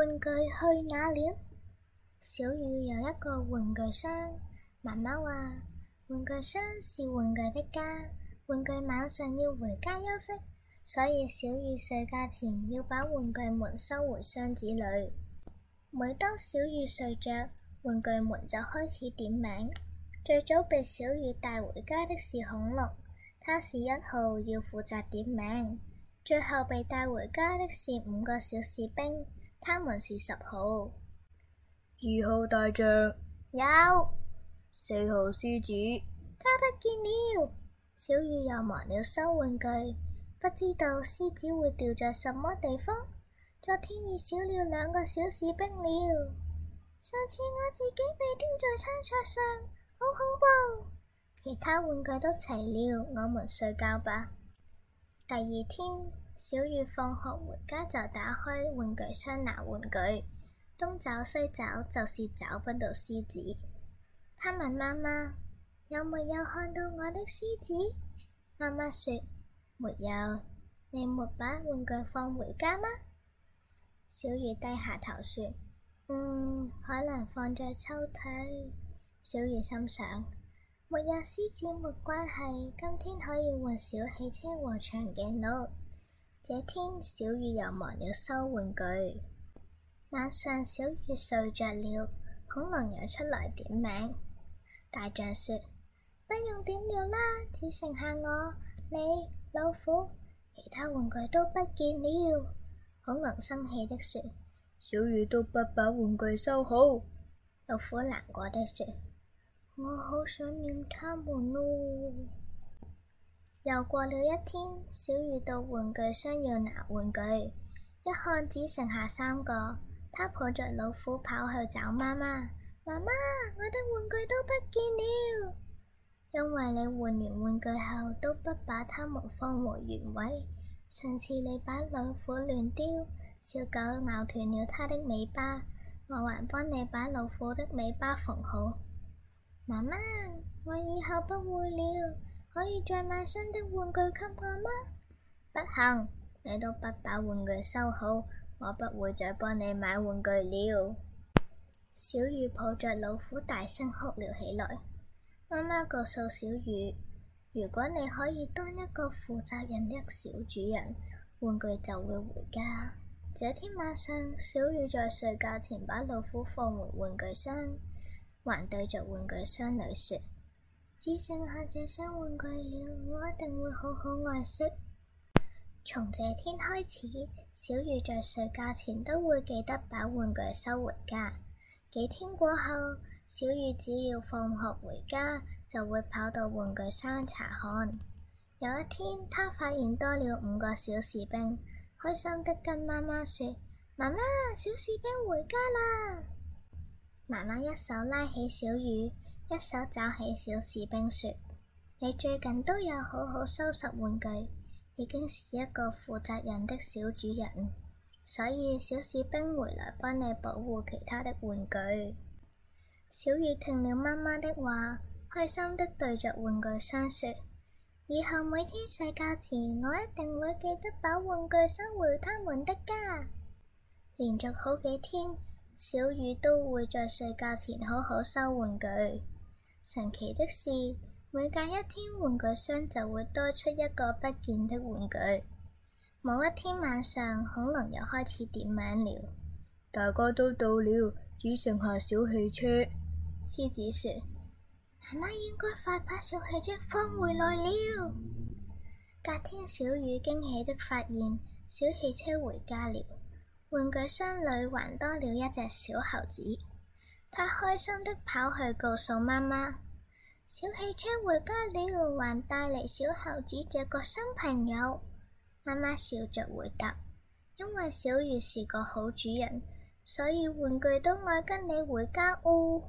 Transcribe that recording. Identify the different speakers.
Speaker 1: 玩具去哪了？小雨有一個玩具箱。媽媽話：玩具箱是玩具的家，玩具晚上要回家休息，所以小雨睡覺前要把玩具們收回箱子裏。每當小雨睡着，玩具們就開始點名。最早被小雨帶回家的是恐龍，它是一號，要負責點名。最後被帶回家的是五個小士兵。他們是十號、二號大象，有四號獅子，他不見了。小雨又忘了收玩具，不知道獅子會掉在什麼地方。昨天已少了兩個小士兵了。上次我自己被丟在餐桌上，好恐怖。其他玩具都齊了，我們睡覺吧。第二天。小雨放學回家就打開玩具箱拿玩具，東找西找就是找不到獅子。他問媽媽：有沒有看到我的獅子？媽媽說：沒有，你沒把玩具放回家嗎？小雨低下頭說：嗯，可能放在抽屜。小雨心想：沒有獅子沒關係，今天可以換小汽車和長頸鹿。這天，小雨又忙了收玩具。晚上，小雨睡着了，恐龍又出來點名。大象說：不用點了啦，只剩下我你老虎，其他玩具都不見了。恐龍生氣的說：小雨都不把玩具收好。老虎難過地說：我好想念他們咯。又過了一天，小雨到玩具箱要拿玩具，一看只剩下三個，他抱着老虎跑去找媽媽。媽媽，我的玩具都不見了，因為你換完玩具後都不把它們放回原位。上次你把老虎亂丟，小狗咬斷了它的尾巴，我還幫你把老虎的尾巴縫好。媽媽，我以後不會了。可以再買新的玩具給我嗎？不行，你都不把玩具收好，我不會再幫你買玩具了。小雨抱着老虎大聲哭了起來。媽媽告訴小雨：如果你可以當一個負責任的小主人，玩具就會回家。這天晚上，小雨在睡覺前把老虎放回玩具箱，還對着玩具箱裏說。只剩下這箱玩具了，我一定會好好愛惜。從這天開始，小雨在睡覺前都會記得把玩具收回家。幾天過後，小雨只要放學回家，就會跑到玩具箱查看。有一天，他發現多了五個小士兵，開心的跟媽媽說：媽媽，小士兵回家啦！媽媽一手拉起小雨。一手抓起小士兵說：你最近都有好好收拾玩具，已經是一個負責任的小主人，所以小士兵回來幫你保護其他的玩具。小雨聽了媽媽的話，開心的對着玩具箱說：以後每天睡覺前，我一定會記得把玩具收回他們的家。連續好幾天，小雨都會在睡覺前好好收玩具。神奇的是，每隔一天，玩具箱就會多出一個不見的玩具。某一天晚上，恐龍又開始點名了。大家都到了，只剩下小汽車。獅子說，媽媽應該快把小汽車放回來了。隔天，小雨驚喜的發現，小汽車回家了，玩具箱裏還多了一隻小猴子。他開心的跑去告訴媽媽，小汽車回家了，還帶嚟小猴子這個新朋友。媽媽笑着回答：因為小魚是個好主人，所以玩具都愛跟你回家哦。